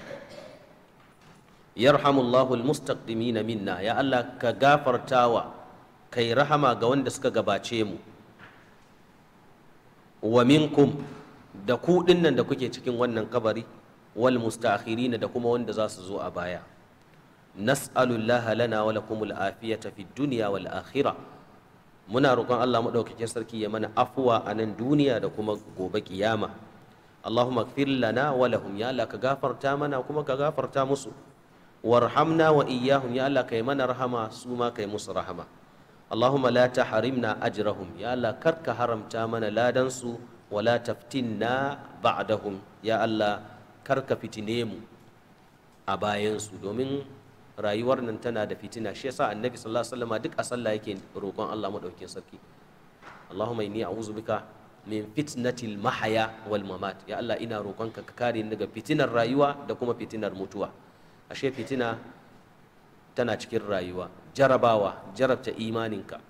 yarhamullahu almustaqdimina minna ya Allah ka gafartawa kai rahama ga wanda suka gabace mu wa minkum da ku dinnan da kuke cikin wannan kabari wal mustakhirina da kuma wanda za su zo a baya nas'alullah lana wa lakum al-afiyata fid dunya wal akhirah muna roƙon Allah madaukakin sarki ya mana afuwa a nan duniya da kuma gobe ƙiyama. Allahumma ighfir lana wa lahum ka gafarta mana kuma ka gafarta musu wa iyyahum ya Allah kai mana rahama suma ma kai musu rahama Allahumma la tahrimna ajrahum ya Allah kar ka haramta mana ladan su wala taftinna ba'dahum ya Allah kar ka fitine mu a bayansu domin rayuwar nan tana da fitina shi yasa annabi sallallahu alaihi wasallam duk a sallah yake roƙon Allah madaukin sarki Allahumma inni a'udhu bika min fitnatil mahaya wal mamat ya Allah ina roƙonka ka kare ni daga fitinar rayuwa da kuma fitinar mutuwa ashe fitina tana cikin rayuwa jarabawa jarabta imaninka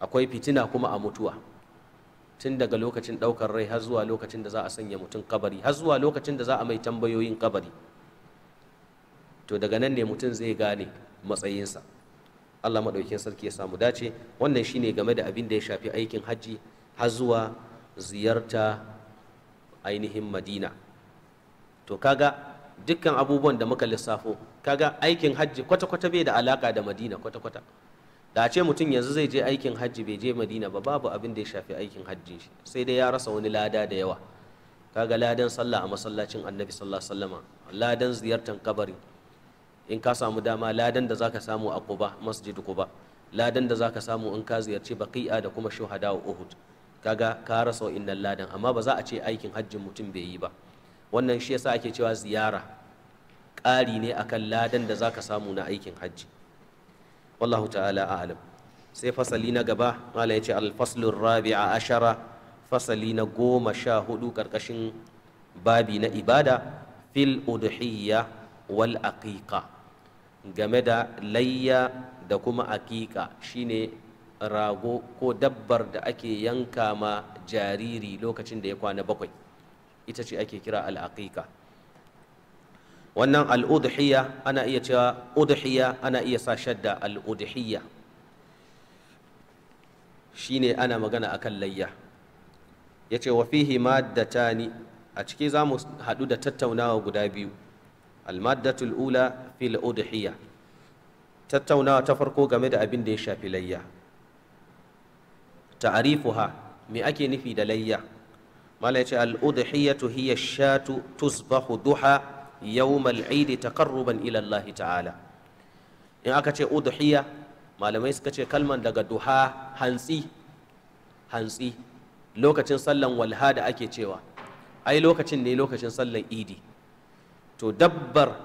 akwai fitina kuma a mutuwa tun daga lokacin ɗaukar rai har zuwa lokacin da za a sanya mutum kabari har zuwa lokacin da za a mai tambayoyin kabari to daga nan ne mutum zai gane matsayinsa Allah maɗaukin sarki ya samu dace wannan shine game da abin da ya shafi aikin hajji har zuwa ziyarta ainihin madina to kaga dukkan abubuwan da muka lissafo kaga aikin hajji kwata-kwata bai da alaka da madina kwata-kwata da ce mutum yanzu zai je aikin hajji bai je madina ba babu abin da ya shafi aikin hajji shi sai dai ya rasa wani lada da yawa kaga ladan sallah a masallacin annabi sallallahu alaihi wasallam ladan ziyartar kabari in ka samu dama ladan da zaka samu a quba masjid quba ladan da zaka samu in ka ziyarci baqi'a da kuma shuhada uhud kaga ka rasa inna ladan amma ba za a ce aikin hajjin mutum bai yi ba wannan shi yasa ake cewa ziyara ƙari ne akan ladan da zaka samu na aikin hajji wallahu ta'ala a'lam sai fasali na gaba mala ya ce alfaslun rabi'a ashara fasali na goma sha hudu karkashin babi na ibada fil udhiyya wal aqiqa game da layya da kuma aqiqa shine rago ko dabbar da ake yanka ma jariri lokacin da ya kwana bakwai ita ce ake kira al aqiqa wannan al'udhiyya ana iya cewa udhiyya ana iya sa shadda al'udhiyya ne ana magana a kan layya yace wa fihi ni. a ciki zamu hadu da tattaunawa guda biyu al-maddatul ula fil udhiyya tattaunawa ta farko game da abin da ya shafi layya ta'arifuha me ake nufi da layya mala yace al-udhiyatu hiya shatu tusbahu duha yawmal eid taqarruban ila Allah ta'ala in aka ce udhiya malamai suka ce kalman daga duha hantsi hantsi lokacin sallan walha da ake cewa ai lokacin ne lokacin sallan idi to dabbar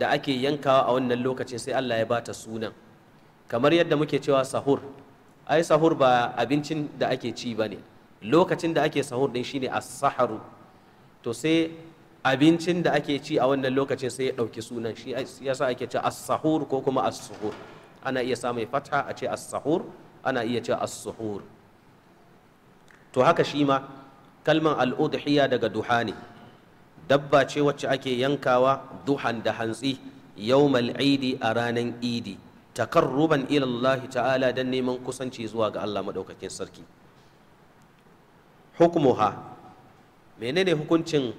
da ake yankawa a wannan lokacin sai Allah ya bata sunan kamar yadda muke cewa sahur ai sahur ba abincin da ake ci ba ne lokacin da ake sahur din shine as-saharu to sai abincin da ake ci a wannan lokacin sai ya ɗauki sunan shi yasa ake ci as-sahur ko kuma as-suhur ana iya sa mai fatha a ce as-sahur ana iya ci as-suhur to haka shi ma kalman al daga duha ne dabba ce wacce ake yankawa duhan da hantsi yawmal idi a ranar idi takarruban ila Allah ta'ala dan neman kusanci zuwa ga Allah madaukakin sarki hukumuha menene hukuncin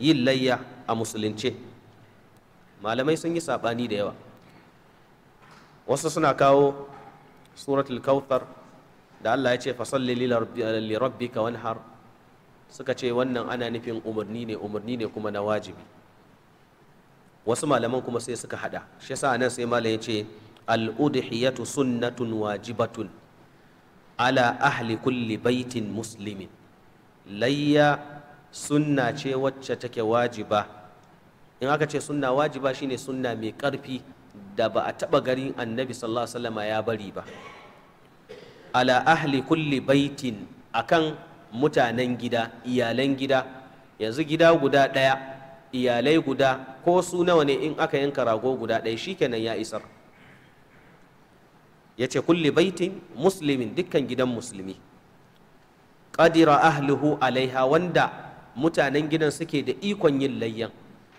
yin layya a musulunce malamai sun yi saɓani da yawa wasu suna kawo suratul kautar da Allah ya ce fasalli li rabbika wanhar suka ce wannan ana nufin umarni ne umarni ne kuma na wajibi wasu malaman kuma sai suka hada shi sa nan sai malam ya ce al-udhiyatu sunnatun wajibatun ala ahli kulli baitin muslimin layya sunna ce wacce take wajiba in aka ce sunna wajiba shine sunna mai ƙarfi da ba a taɓa garin annabi sallallahu alaihi wasallam ya bari ba ala ahli kulli baitin akan mutanen gida iyalan gida yanzu gida guda ɗaya iyalai guda ko su nawa ne in aka yanka rago guda ɗaya shikenan ya isar ya ce kulli baitin muslimin dukkan gidan musulmi ƙadira ahlihu alaiha wanda mutanen gidan suke da ikon yin layyan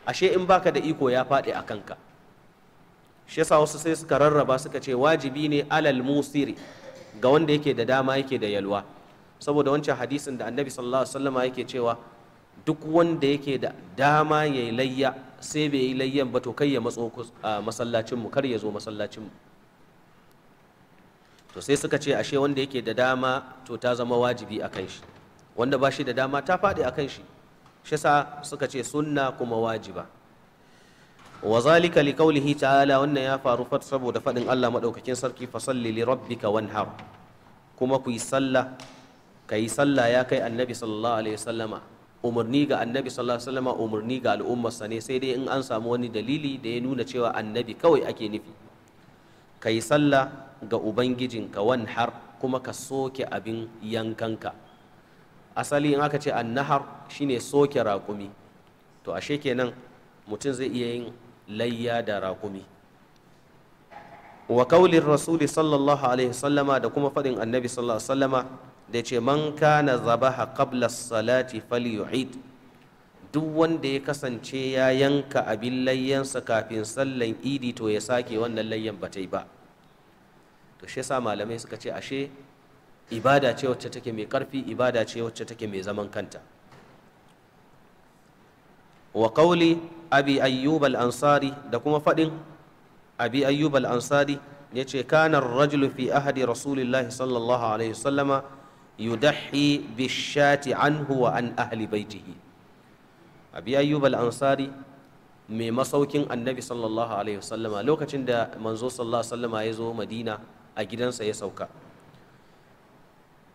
ashe in baka da iko ya faɗi a kanka shi yasa wasu sai suka rarraba suka ce wajibi ne alal musiri ga wanda yake da dama yake da yalwa saboda wancan hadisin da annabi sallallahu alaihi wasallama yake cewa duk wanda yake da dama ya yi layya sai bai yi layyan ba to kai ya matso mu kar ya zo masallacinmu to sai suka ce ashe wanda yake da dama to ta zama wajibi a kan shi wanda ba shi da dama ta faɗi a kan shi shi sa suka ce sunna kuma wajiba wa zalika li qawlihi ta'ala wannan ya faru fa saboda faɗin Allah madaukakin sarki fa salli li rabbika wanhar kuma ku yi sallah ka sallah ya kai annabi sallallahu alaihi wasallama umarni ga annabi sallallahu alaihi wasallama umarni ga al'ummarsa ne sai dai in an samu wani dalili da ya nuna cewa annabi kawai ake nufi kayi sallah ga ubangijinka wanhar kuma ka soke abin yankanka asali in aka ce annahar shine soke raƙumi to ashe kenan mutum zai iya yin layya da rakumi wa kaulin rasuli sallallahu alaihi sallama da kuma faɗin annabi sallallahu alaihi sallama da ce man kana zabaha qabla salati falyu'id duk wanda ya kasance ya yanka abin layyansa kafin sallan idi to ya sake wannan layyan ba ta yi ba to shi sa malamai suka ce ashe ibada ce wacce take mai ƙarfi ibada ce wacce take mai zaman kanta wa qawli abi ayyubal ansari da kuma fadin abi ayyubal ansari ya ce ar-rajulu fi ahadi rasulillahi sallallahu alaihi wasallama yudahi bishati anhu wa an ahli baitihi abi ayyubal ansari mai masaukin annabi sallallahu alaihi wasallama lokacin da manzo sallallahu alaihi wasallama ya zo madina a gidansa ya sauka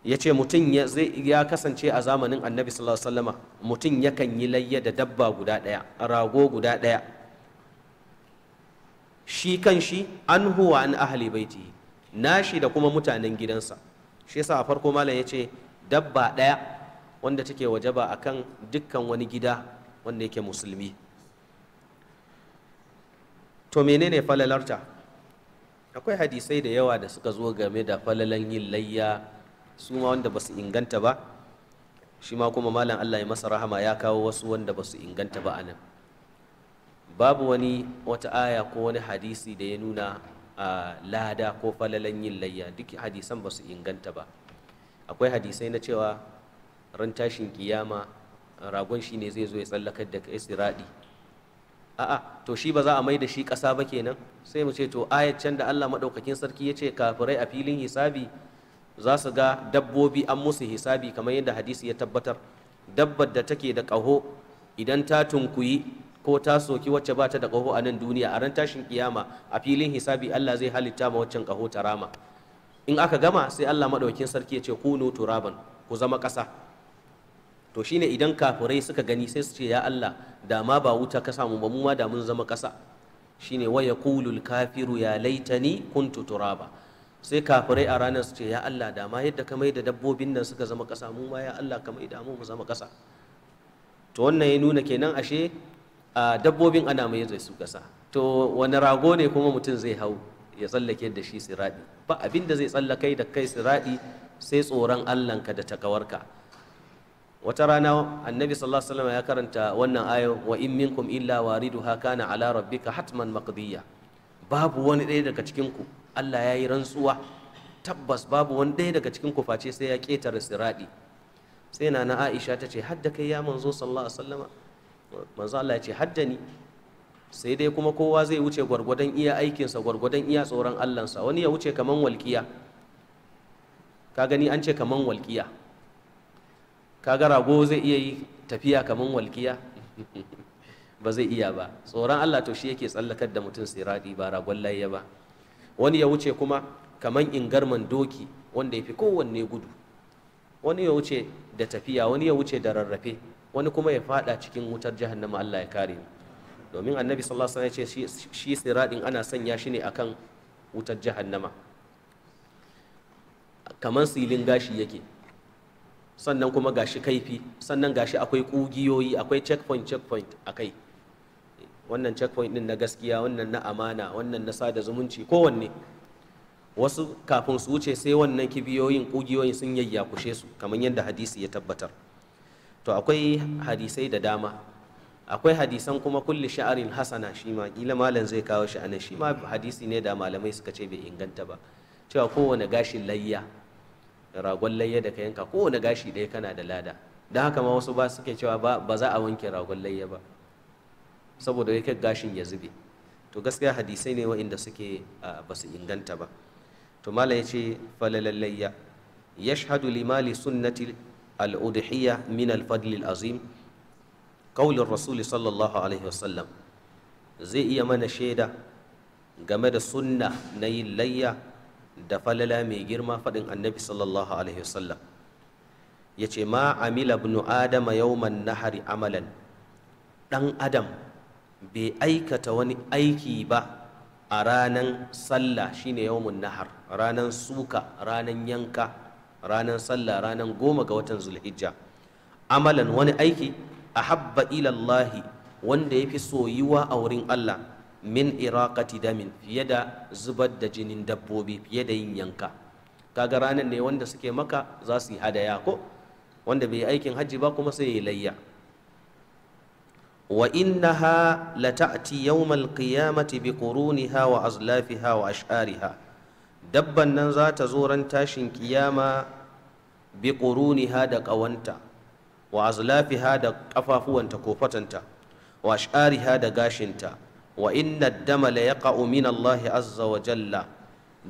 ya ce mutum ya kasance a zamanin annabi sallallahu alaihi wasallama mutum yakan yi layya da dabba guda ɗaya rago guda ɗaya shi kan shi an huwa an ahli baiti nashi da kuma mutanen gidansa shi yasa a farko malam ya ce dabba ɗaya wanda take wajaba akan dukkan wani gida wanda yake musulmi to menene falalarta akwai hadisai da yawa da suka zo game da falalan yin layya su ma wanda su inganta ba shi ma kuma malam Allah ya masa rahama ya kawo wasu wanda ba su inganta ba anan babu wani wata aya ko wani hadisi da ya nuna a lada ko falalan yin layya duk hadisan ba su inganta ba akwai hadisai na cewa ran tashin kiyama ragon shi ne zai zo ya tsallakar da kai siradi a'a to shi ba za a mai da shi ƙasa ba kenan sai mu ce to ayat can da Allah madaukakin sarki ya ce kafirai a filin hisabi za su ga dabbobi an musu hisabi kamar yadda hadisi ya tabbatar dabbar da take da ƙaho idan ta tunkuyi ko ta soki wacce ba ta da ƙaho a nan duniya a ran tashin kiyama a filin hisabi Allah zai halitta ma waccan ƙaho ta rama in aka gama sai Allah maɗaukin sarki ya ce kunu turaban ku zama ƙasa to shine idan kafirai suka gani sai su ce ya Allah da ma ba wuta ka samu ba mu ma da mun zama ƙasa shine waya yaqulul kafiru ya laitani kuntu turaba sai kafirai a ranar su ce ya Allah da ma yadda ka da dabbobin nan suka zama ƙasa mu ma ya Allah ka maida mu zama ƙasa to wannan ya nuna kenan ashe a dabbobin ana mai zai su ƙasa to wani rago ne kuma mutum zai hau ya tsallake da shi siraɗi ba abin da zai tsallakai da kai siraɗi sai tsoron Allahnka da takawarka wata rana annabi sallallahu alaihi wasallam ya karanta wannan ayo wa in minkum illa wariduha kana ala rabbika hatman maqdiya babu wani ɗaya daga cikin ku Allah ya yi rantsuwa tabbas babu wani ɗaya daga cikin ku face sai ya ƙetare siraɗi sai na na Aisha ta ce hadda kai ya manzo sallallahu alaihi wasallama manzo Allah ya ce hadda ni sai dai kuma kowa zai wuce gwargwadon iya aikinsa gwargwadon iya tsoron Allahnsa wani ya wuce kaman walƙiya ka gani an ce kaman walƙiya ka ga rago zai iya yi tafiya kaman walƙiya ba zai iya ba tsoron Allah to shi yake tsallakar da mutum siradi ba ragon layya ba wani ya wuce kuma kaman ingarman doki wanda ya fi kowanne gudu wani ya wuce da tafiya wani ya wuce da rarrafe wani kuma ya fada cikin wutar jahannama Allah ya kare mu domin annabi sallallahu alaihi wasallam ya ce shi siradin ana sanya shi ne akan wutar jahannama kamar silin gashi yake sannan kuma gashi kaifi sannan gashi akwai kugiyoyi akwai checkpoint checkpoint akai wannan checkpoint din na gaskiya wannan na amana wannan na sada zumunci kowanne wasu kafin su wuce sai wannan kibiyoyin kugiyoyin sun yayyakushe su kamar yadda hadisi ya tabbatar to akwai hadisai da dama akwai hadisan kuma kulli sha'arin hasana shi ma kila malam zai kawo shi anan shi ma hadisi ne da malamai suka ce bai inganta ba cewa kowane gashin layya ragon layya da ka yanka kowane gashi ɗaya kana da lada don haka ma wasu ba suke cewa ba za a wanke ragon layya ba saboda yake gashin ya zube to gaskiya hadisai ne wa'inda suke ba su inganta ba to Mala ya ce falalallayya shahadu limali sunnati al min Fadlil azim qaulur rasuli sallallahu alaihi wasallam zai iya mana shaida game da sunna na yin layya da falala mai girma faɗin annabi sallallahu alaihi wasallam ya ce ma amila bin adama yawman nahari amalan ɗan adam bai aikata wani aiki ba a ranan sallah shine yawmun nahar ranan suka ranan yanka ranan sallah ranan goma ga watan zulhijja amalan wani aiki a habba ilallahi wanda ya fi soyuwa a wurin allah min iraqati damin fiye da zubar da jinin dabbobi fiye da yin yanka kaga ranar ne wanda suke maka za su yi hadaya ko wanda bai aikin hajji ba kuma sai ya layya wa innaha lata'ti yawmal qiyamati bi quruniha wa azlafiha wa ash'ariha dabban nan za ta zo ran tashin kiyama bi quruniha da ƙawanta wa azlafiha da kafafuwanta ko fatanta wa ash'ariha da gashinta wa inna dama la yaqa'u min Allah azza wa jalla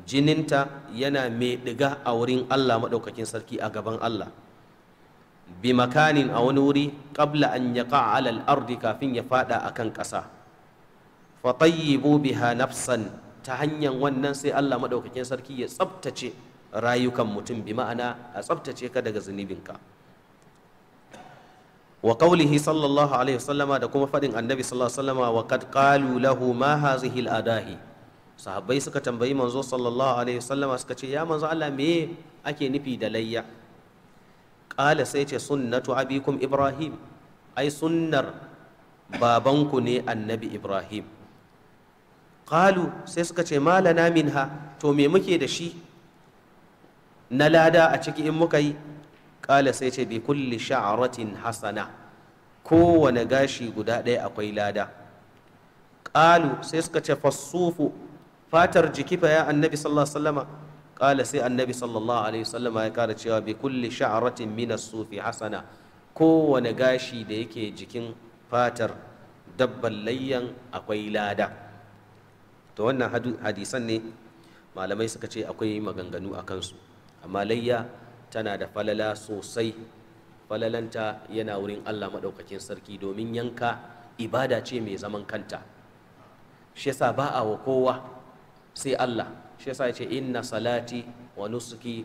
jininta yana mai diga a wurin Allah madaukakin sarki a gaban Allah bi makanin a wani wuri ƙabla an yaqa alal ardi kafin ya faɗa a kan ƙasa fa tayyibu biha nafsan ta hanyar wannan sai Allah maɗaukakin sarki ya tsabtace rayukan mutum bi ma'ana a tsabtace ka daga zunubinka wa qawlihi sallallahu alaihi wasallama da kuma faɗin annabi sallallahu alaihi wasallama wa qad qalu lahu ma hazihi al-adahi sahabbai suka tambayi manzo sallallahu alaihi wasallama suka ce ya manzo Allah me ake nufi da layya ƙala sai ce sunnatu abikun ibrahim ai sunnar babanku ne annabi ibrahim ƙalu sai suka ce malana minha to me muke da shi na lada a ciki in muka yi ƙala sai ce bi kulli sha'aratin hasana kowane gashi guda ɗaya akwai lada ƙalu sai suka ce fasufu fatar jiki fa ya annabi sallallahu kala sai annabi sallallahu alaihi wasallam ya kara cewa bi kulli sha'ratin min as-sufi hasana kowane gashi da yake jikin fatar dabban layyan akwai lada to wannan hadisan ne malamai suka ce akwai maganganu a kansu amma layya tana da falala sosai falalanta yana wurin Allah maɗaukakin sarki domin yanka ibada ce mai zaman kanta shi yasa ba a wa kowa sai Allah shi yasa ya ce inna salati wa nusuki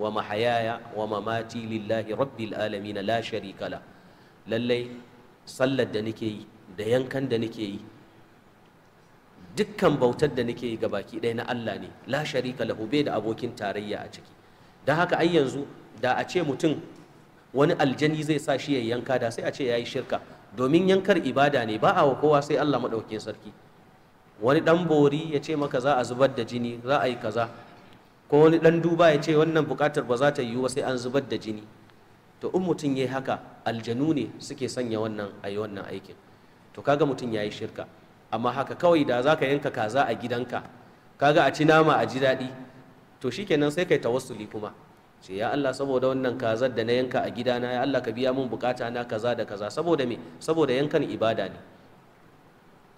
wa mahayaya wa mamati lillahi rabbil alamin la sharika la lallai sallar da nake yi da yankan da nake yi dukkan bautar da nake yi gabaki ɗaya na Allah ne la sharika lahu bai da abokin tarayya a ciki don haka ai yanzu da a ce mutum wani aljani zai sa shi ya yanka da sai a ce yi shirka domin yankar ibada ne ba a wa kowa sai Allah maɗaukin sarki wani dan bori ya ce maka za a zubar da jini za a yi kaza ko wani dan duba ya ce wannan bukatar ba za ta yiwu sai an zubar da jini to in mutum yayi haka aljanu ne suke sanya wannan a yi wannan aikin to kaga mutum yayi shirka amma haka kawai da za ka yanka kaza a gidanka kaga a ci nama a ji daɗi to shikenan sai kai tawassuli kuma ce ya Allah saboda wannan kazar da na yanka a gidana ya Allah ka biya min bukata na kaza da kaza saboda me saboda yankan ibada ne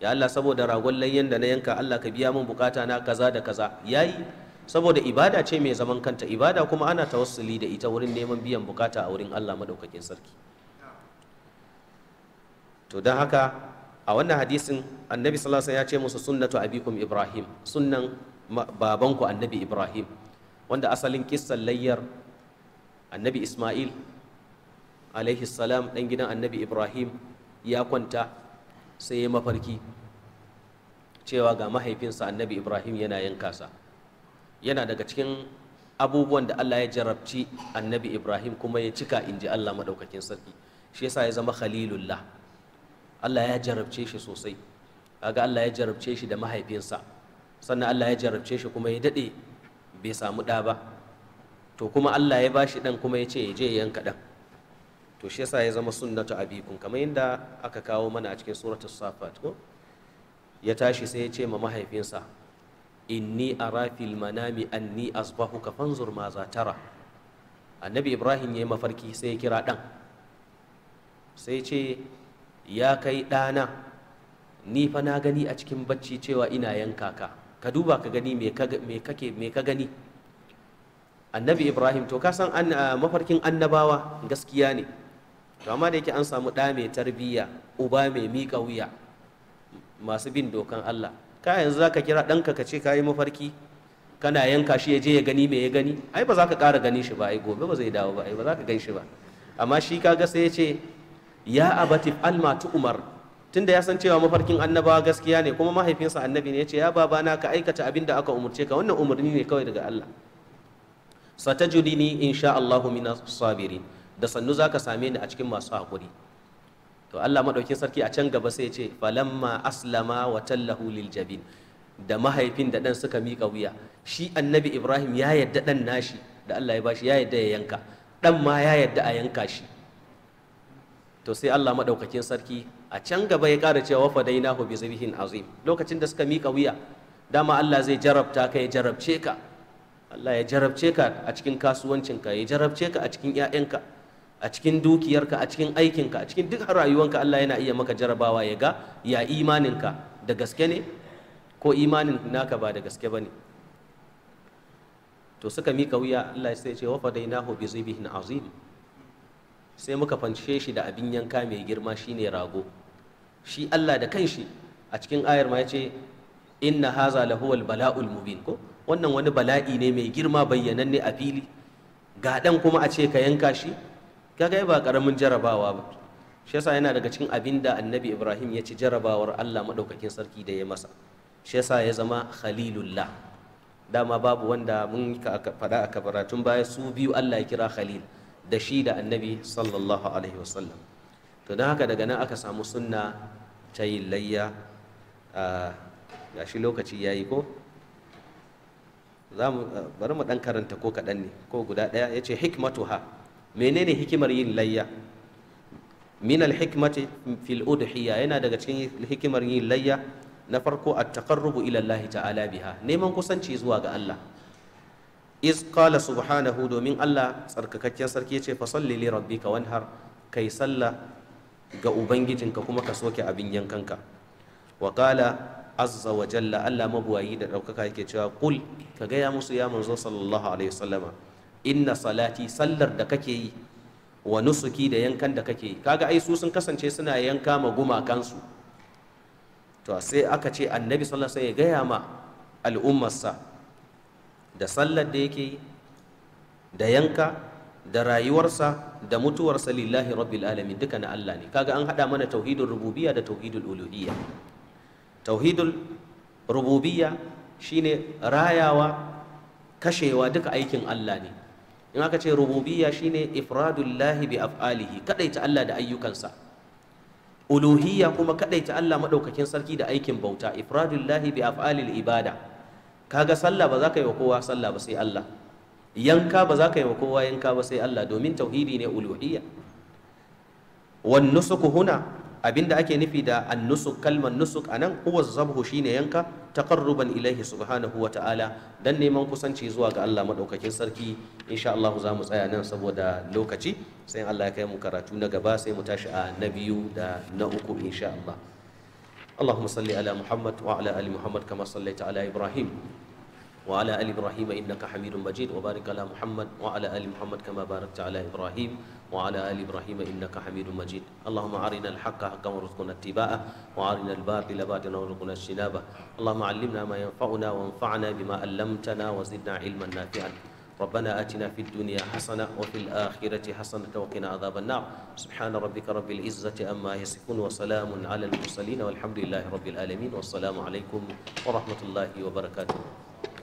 ya Allah saboda ragon layyan da na yanka Allah ka biya mun bukata na kaza da kaza yayi saboda ibada ce mai zaman kanta ibada kuma ana tawassuli da ita wurin neman biyan bukata a wurin Allah madaukakin sarki to don haka a wannan hadisin annabi sallallahu ya ce musu sunnatu abikum ibrahim sunnan babanku annabi ibrahim wanda asalin kissan layyar annabi isma'il alaihi salam dan gidan annabi ibrahim ya kwanta sai ya mafarki cewa ga mahaifinsa annabi ibrahim yana yin kasa yana daga cikin abubuwan da allah ya jarabci annabi ibrahim kuma ya cika in ji allah maɗaukakin sarki shi yasa ya zama khalilullah allah ya jarabce shi sosai kaga allah ya jarabce shi da mahaifinsa sannan allah ya jarabce shi kuma ya daɗe bai samu ɗa ba to kuma allah ya ba shi ɗan kuma ya ce ya je yanka ɗan to shi yasa ya zama sunnatu abikum kamar yadda aka kawo mana a cikin suratul safat ko ya tashi sai ya ce ma mahaifinsa inni ara fil manami anni ka fanzur ma za tara annabi ibrahim ya yi mafarki sai ya kira dan sai ce ya kai ɗana ni fa na gani a cikin bacci cewa ina yanka ka ka duba ka gani me me ka gani annabi ibrahim to ka san mafarkin annabawa gaskiya ne to amma da yake an samu ɗa mai tarbiyya uba mai miƙa wuya masu bin dokan Allah ka yanzu zaka kira ɗanka ka ce kayi mafarki kana yanka shi ya je ya gani mai ya gani ai ba za ka ƙara gani shi ba ai gobe ba zai dawo ba ai ba za ka gan shi ba amma shi ga sai ya ce ya abati alma tu umar tunda ya san cewa mafarkin annabawa gaskiya ne kuma mahaifinsa annabi ne ya ce ya babana ka aikata abin da aka umurce ka wannan umarni ne kawai daga Allah satajudini insha Allahu minas sabirin da sannu za ka same ni a cikin masu haƙuri to Allah maɗaukin sarki a can gaba sai ya ce falamma aslama wa tallahu lil jabin da mahaifin da ɗan suka miƙa wuya shi annabi ibrahim ya yadda ɗan nashi da Allah ya bashi ya yadda ya yanka ɗan ma ya yadda a yanka shi to sai Allah maɗaukakin sarki a can gaba ya ƙara cewa fadainahu bi zibhin azim lokacin da suka miƙa wuya dama Allah zai jarabta ka ya jarabce ka Allah ya jarabce ka a cikin kasuwancinka ya jarabce ka a cikin 'ya'yanka a cikin dukiyarka a cikin aikinka a cikin duk rayuwanka Allah yana iya maka jarabawa ya ga ya imaninka da gaske ne ko imanin naka ba da gaske ba ne to suka mika wuya Allah sai ce wa fadainahu bi zibihin azim sai muka fanshe shi da abin yanka mai girma shine rago shi Allah da kanshi a cikin ayar ma yace inna haza lahuwal bala'ul mubin ko wannan wani bala'i ne mai girma bayyananne a fili ga dan kuma a ce ka yanka shi kai ba karamin jarabawa ba shi yasa yana daga cikin abin da annabi ibrahim ya ci jarabawar allah maɗaukakin sarki da ya masa shi yasa ya zama khalilullah dama babu wanda mun faɗa a kabaratun baya su biyu allah ya kira khalil da shi da annabi sallallahu alaihi wasallam to don haka daga nan aka samu sunna ta layya ah, gashi lokaci ya yi ko bari mu ɗan karanta ko kaɗan ne ko guda ɗaya ya ce ha menene hikimar yin layya min alhikmati fil udhiya yana daga cikin hikimar yin layya na farko at-taqarrubu ila Allah ta'ala biha neman kusanci zuwa ga Allah iz qala subhanahu domin Allah tsarkakakken sarki yace fa salli li rabbika wanhar kai sallah ga ubangijinka kuma ka soke abin yankanka wa qala azza wa jalla Allah mabuwayi da daukaka yake cewa qul ka gaya musu ya manzo sallallahu alaihi wasallama inna salati sallar da kake yi wa nusuki da yankan da kake yi kaga ai su sun kasance suna yanka ma gumakansu to sai aka ce annabi sallallahu alaihi wasallam ya gaya ma al'ummarsa da sallar da yake yi da yanka da rayuwarsa da mutuwarsa lillahi rabbil alamin duka na Allah ne kaga an hada mana tauhidul rububiyya da tauhidul uluhiyya tauhidul rububiyya shine rayawa kashewa duka aikin Allah ne in aka ce rububiyya shine ifradullahi bi af'alihi kadaita Allah da ayyukansa uluhiyya kuma kadaita Allah madaukakin sarki da aikin bauta ifradullahi bi af'alil ibada kaga sallah ba za ka yi wa kowa sallah ba sai Allah yanka ba za ka yi wa kowa yanka ba sai Allah domin tauhidi ne uluhiyya wan nusuk huna abinda ake nufi da an nusuk kalmar nusuk anan huwa zabhu shine yanka taqarruban ilaihi subhanahu wa ta'ala dan neman kusanci zuwa ga Allah madaukakin sarki insha Allah za mu tsaya nan saboda lokaci sai Allah ya kai mu karatu na gaba sai mu tashi a na biyu da na uku insha Allah Allahumma salli ala Muhammad wa ala ali Muhammad kama sallaita ala Ibrahim wa ala ali Ibrahim innaka Hamidum Majid wa barik ala Muhammad wa ala ali Muhammad kama barata ala Ibrahim وعلى آل إبراهيم إنك حميد مجيد اللهم أرنا الحق حقا وارزقنا اتباعه وأرنا الباطل باطلا وارزقنا اجتنابه اللهم علمنا ما ينفعنا وانفعنا بما علمتنا وزدنا علما نافعا ربنا آتنا في الدنيا حسنة وفي الآخرة حسنة وقنا عذاب النار سبحان ربك رب العزة أما يصفون وسلام على المرسلين والحمد لله رب العالمين والسلام عليكم ورحمة الله وبركاته